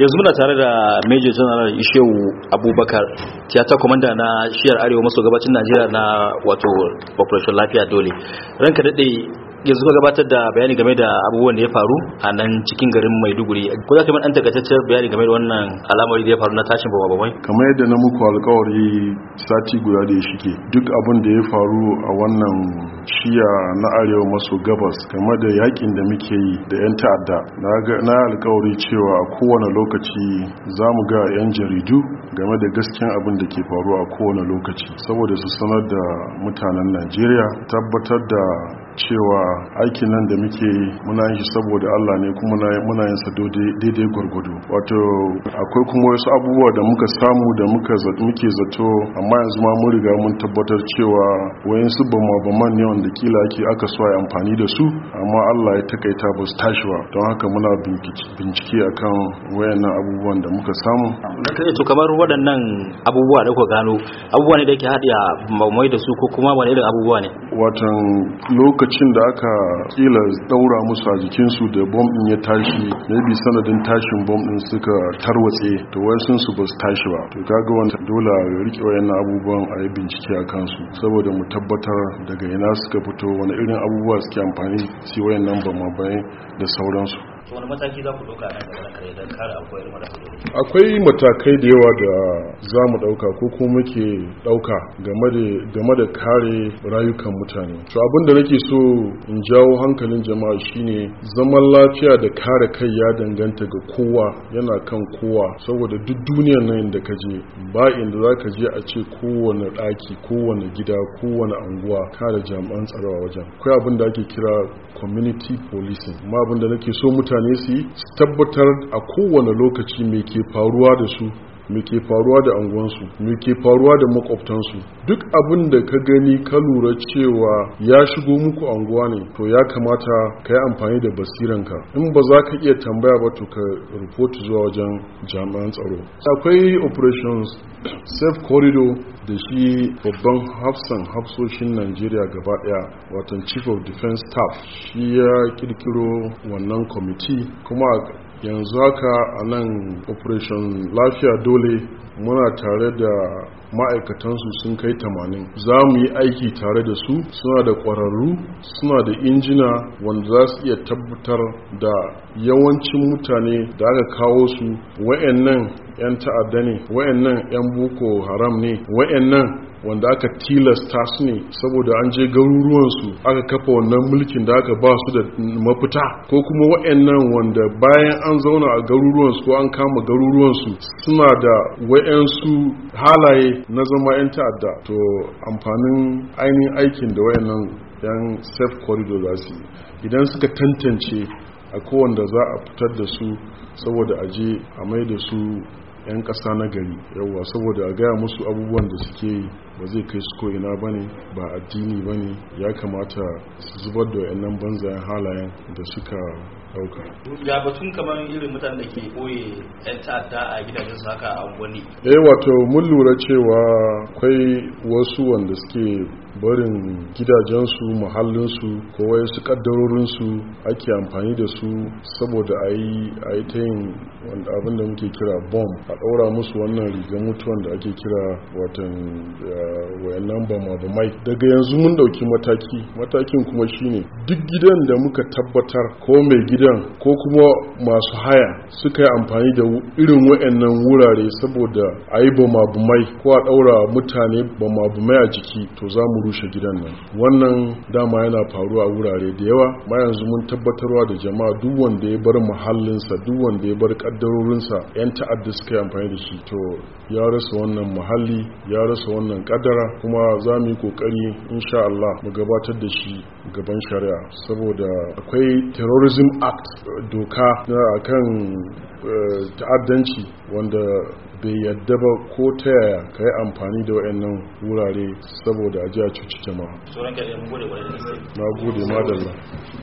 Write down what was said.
yanzu muna tare da major general ishewu abubakar tiyata komanda na shiyar arewa maso gabacin najeriya na wato operation lafiya dole ranka daɗe yanzu ka gabatar da bayani game da abubuwan da ya faru a nan cikin garin maiduguri ko za ka yi ɗan takaitaccen bayani game da wannan alamari da ya faru na tashin bama bamai kamar yadda na muku alkawari sati guda da ya ke, duk abin da ya faru a wannan shiya na arewa maso gabas kamar da yakin da muke yi da 'yan ta'adda na alkawari cewa a kowane lokaci za mu ga 'yan jaridu game da gaskiyan abin da ke faru a kowane lokaci saboda su sanar da mutanen najeriya tabbatar da cewa aikin nan da muke yi muna yin shi saboda Allah ne kuma muna yin sa daidai gwargwado wato akwai kuma wasu abubuwa da muka samu da muka muke zato amma yanzu ma mun riga mun tabbatar cewa wayan su ba ma ba man ne wanda kila ake aka so ai amfani da su amma Allah ya takaita ba su tashi ba don haka muna bincike akan wayannan abubuwan da muka samu to kamar waɗannan abubuwa da ku gano abubuwa ne da ke haɗe a mamai da su ko kuma wani irin abubuwa ne watan lokacin da aka ƙila ɗaura musu a jikinsu da bom ɗin ya tashi na bi sanadin tashin bom ɗin suka tarwatse to sun su ba tashi ba to kaga wanda dole wa yana abubuwan a yi bincike a kansu saboda mu tabbatar daga ina suka fito wani irin abubuwa suke amfani su nan ba ma da sauransu wani mataki za ku ɗauka nan kare don kare akwai irin akwai matakai da yawa da za mu ɗauka ko kuma muke ɗauka game da kare rayukan mutane to abin da nake so in jawo hankalin jama'a shine zaman lafiya da kare kai ya danganta ga kowa yana kan kowa saboda duk duniyar nan da ka je ba inda za ka je a ce kowane ɗaki kowane gida kowane anguwa kare jami'an tsarawa a wajen akwai abin da ake kira community policing ma abin da nake so mutane mutane su yi tabbatar a kowane lokaci mai ke faruwa da su Muke faruwa da angonsu muke faruwa da makwabtansu duk abin da ka gani ka lura cewa ya shigo muku anguwa ne to ya kamata ka yi amfani da basiranka in ba za ka iya tambaya ba to ka rufotu zuwa wajen jami'an tsaro akwai operations safe corridor da shi babban hafsan hafsoshin najeriya gaba daya watan chief of defense staff shi ya kirkiro wannan kwamiti kuma yanzu haka a nan operation lafiya dole muna tare da ma'aikatansu sun kai tamanin za mu yi aiki tare da su suna da ƙwararru suna da injina wanda za su iya tabbatar da yawancin mutane da aka kawo su wa'annan 'yan ta'adda ne wayannan 'yan boko haram ne wayannan wanda aka tilasta su ne saboda an je garuruwansu aka kafa wannan mulkin da aka ba su da mafita ko kuma wayannan wanda bayan an zauna a garuruwansu ko an kama garuruwansu suna da wayansu halaye na zama 'yan ta'adda to amfanin ainihin aikin da wayannan yan safe corridor za su idan suka tantance a kowanda za a fitar da su saboda a je a mai da su 'yan ƙasa na gari yawa saboda a gaya musu abubuwan da suke yi ba zai kai su ko'ina ba ne ba addini ba ne ya kamata su zubar da wayannan banzayen halayen da suka dauka ya batun kamar irin mutanen da ke koye yan ta'adda a gidajen su haka a wani eh wato mun lura cewa akwai wasu wanda suke barin gidajensu muhallinsu ko wai su kaddarorinsu ake amfani da su saboda a yi ta yin abin da muke kira bomb a ɗaura musu wannan rigar mutuwan da ake kira watan eh, wayannan mai daga yanzu mun dauki mataki matakin kuma shine duk gidan da muka tabbatar ko mai gidan ko kuma masu haya suka yi amfani da irin wayannan wurare saboda a yi mai ko a daura mutane mai a jiki to za mu rushe gidan nan wannan dama yana faruwa a wurare da yawa ma yanzu mun tabbatarwa da jama'a duk wanda ya bar muhallinsa duk wanda ya bar kaddarorinsa yan ta'adda suka yi amfani da shi to ya rasa wannan muhalli ya rasa wannan kaddar kadara kuma za mu yi kokari insha Allah mu gabatar da shi gaban shari'a saboda akwai terrorism act doka na akan eh, ta'addanci wanda bai yadda ba ko ta yaya ka yi amfani da waɗannan wurare saboda a ji a cuci jama'a. Na gode madalla.